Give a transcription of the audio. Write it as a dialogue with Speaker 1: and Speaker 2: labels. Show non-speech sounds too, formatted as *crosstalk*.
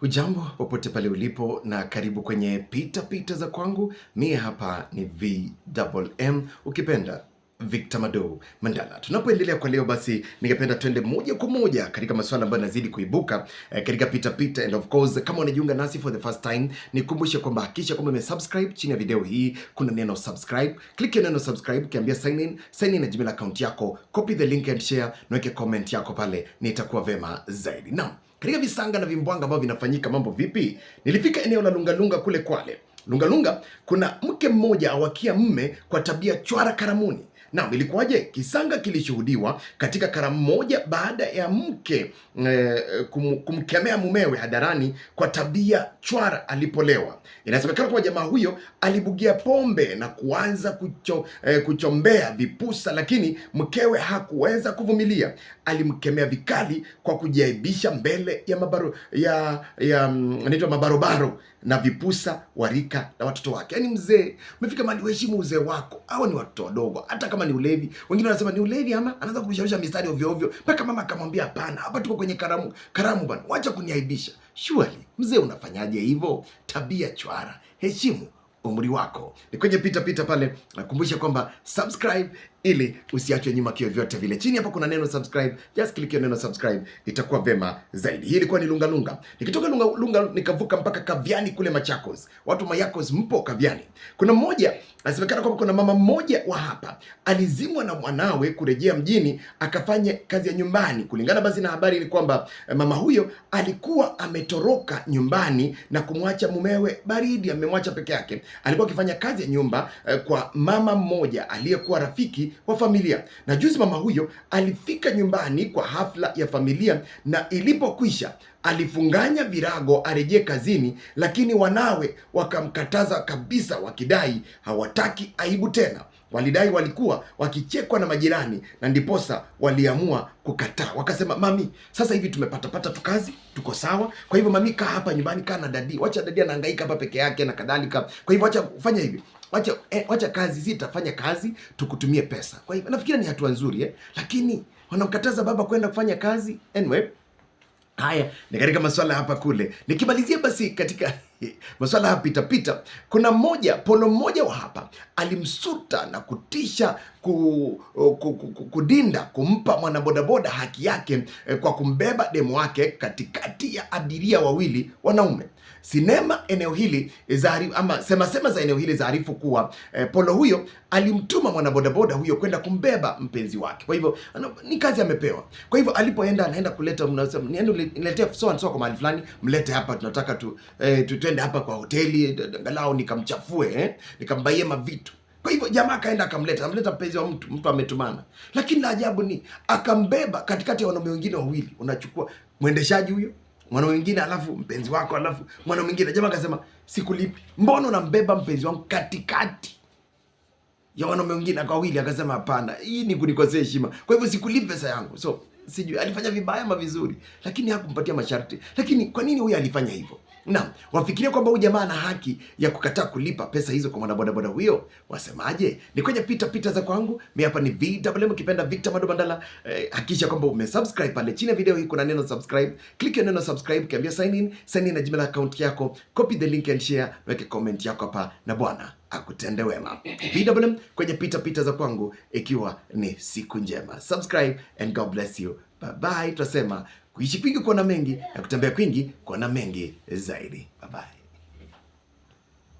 Speaker 1: Hujambo popote pale ulipo na karibu kwenye pita pita za kwangu. Mie hapa ni VMM ukipenda Victor Mado Mandala. Tunapoendelea kwa leo, basi ningependa twende moja kwa moja katika masuala ambayo yanazidi kuibuka eh, katika pita pita, and of course, kama unajiunga nasi for the first time, nikumbushe kwamba hakikisha kwamba umesubscribe. Chini ya video hii kuna neno subscribe, click ya neno subscribe, kiambia sign in, sign in na Gmail account yako, copy the link and share, na weke comment yako pale, nitakuwa vema zaidi. Now, katika visanga na vimbwanga ambavyo vinafanyika, mambo vipi? Nilifika eneo la Lungalunga kule Kwale Lungalunga, kuna mke mmoja awakia mme kwa tabia chwara karamuni na ilikuwaje? Kisanga kilishuhudiwa katika karamu moja baada ya mke e, kum, kumkemea mumewe hadharani kwa tabia chwara alipolewa. Inasemekana kuwa jamaa huyo alibugia pombe na kuanza kucho, e, kuchombea vipusa, lakini mkewe hakuweza kuvumilia. Alimkemea vikali kwa kujiaibisha mbele ya mabaru, ya, ya mm, naitwa mabarobaro na vipusa warika na watoto wake. Yaani mzee umefika mahali uheshimu uzee wako. au ni watoto wadogo hata kama kama ni ulevi, wengine wanasema ni ulevi ama anaanza kurusharusha mistari ovyo ovyo, mpaka mama akamwambia hapana, hapa tuko kwenye karamu karamu bwana, wacha kuniaibisha. Surely mzee, unafanyaje hivyo? Tabia chwara, heshimu umri wako. Ni kwenye pita pita pale, nakumbusha kwamba subscribe ili usiachwe nyuma kivyovyote vile. Chini hapa kuna neno subscribe, just click hiyo neno subscribe, itakuwa vema zaidi. Hii ilikuwa ni lunga lunga, nikitoka lunga lunga nikavuka mpaka Kaviani kule Machakos. Watu Mayakos mpo Kaviani. Kuna mmoja asemekana kwamba kuna mama mmoja wa hapa alizimwa na mwanawe kurejea mjini akafanya kazi ya nyumbani. Kulingana basi na habari ni kwamba eh, mama huyo alikuwa ametoroka nyumbani na kumwacha mumewe baridi, amemwacha peke yake. Alikuwa akifanya kazi ya nyumba eh, kwa mama mmoja aliyekuwa rafiki wa familia. Na juzi mama huyo alifika nyumbani kwa hafla ya familia, na ilipokwisha alifunganya virago arejee kazini, lakini wanawe wakamkataza kabisa, wakidai hawataki aibu tena. Walidai walikuwa wakichekwa na majirani, na ndiposa waliamua kukataa. Wakasema, mami, sasa hivi tumepatapata tu kazi, tuko sawa. Kwa hivyo mami, kaa hapa nyumbani, kaa na dadi, wacha dadi anahangaika hapa peke yake na kadhalika. Kwa hivyo wacha fanya hivi wacha eh, wacha kazi zi tafanya kazi tukutumie pesa. Kwa hivyo nafikiri ni hatua nzuri eh? Lakini wanamkataza baba kwenda kufanya kazi. Anyway, haya ni katika masuala hapa kule, nikimalizia basi katika masuala ya pitapita. Kuna mmoja polo mmoja wa hapa alimsuta na kutisha ku, ku, ku, kudinda kumpa mwanabodaboda haki yake eh, kwa kumbeba demu wake katikati ya abiria wawili wanaume. Sinema eneo hili zaarifu, ama semasema za eneo hili zaarifu kuwa eh, polo huyo alimtuma mwanabodaboda huyo kwenda kumbeba mpenzi wake. Kwa hivyo ni kazi amepewa. Kwa hivyo alipoenda anaenda kuleta niende niletee so and so kwa mahali fulani, mlete hapa tunataka tu eh, twende hapa kwa hoteli angalau nikamchafue eh? nikambaie mavitu. Kwa hivyo jamaa akaenda akamleta, amleta mpenzi wa mtu, mtu ametumana. Lakini la ajabu ni akambeba katikati ya wanaume wengine wawili, unachukua mwendeshaji huyo mwanaume mwingine, alafu mpenzi wako, alafu mwanaume mwingine. Jamaa akasema sikulipi, mbona unambeba mpenzi wangu katikati ya wanaume wengine wawili? Akasema hapana, hii ni kunikosea heshima, kwa hivyo sikulipi pesa yangu. So sijui alifanya vibaya ama vizuri, lakini hakumpatia masharti. Lakini kwa nini huyo alifanya hivyo? Na wafikiria kwamba huyu jamaa ana haki ya kukataa kulipa pesa hizo kwa mwanabodaboda huyo? Wasemaje? Ni kwenye pita pita za kwangu. Mimi hapa ni VMM, ukipenda Victor Mandala. Eh, hakikisha kwamba umesubscribe pale chini ya video hii, kuna neno subscribe. Click ya neno subscribe, kiambia sign in, sign in na jina la account yako, copy the link and share, weke comment yako hapa na bwana akutende wema. *laughs* VMM kwenye pita pita za kwangu, ikiwa ni siku njema. Subscribe and God bless you. Bye bye, tunasema Kuishi kwingi kuona mengi na kutembea kwingi kuona mengi zaidi. Bye bye.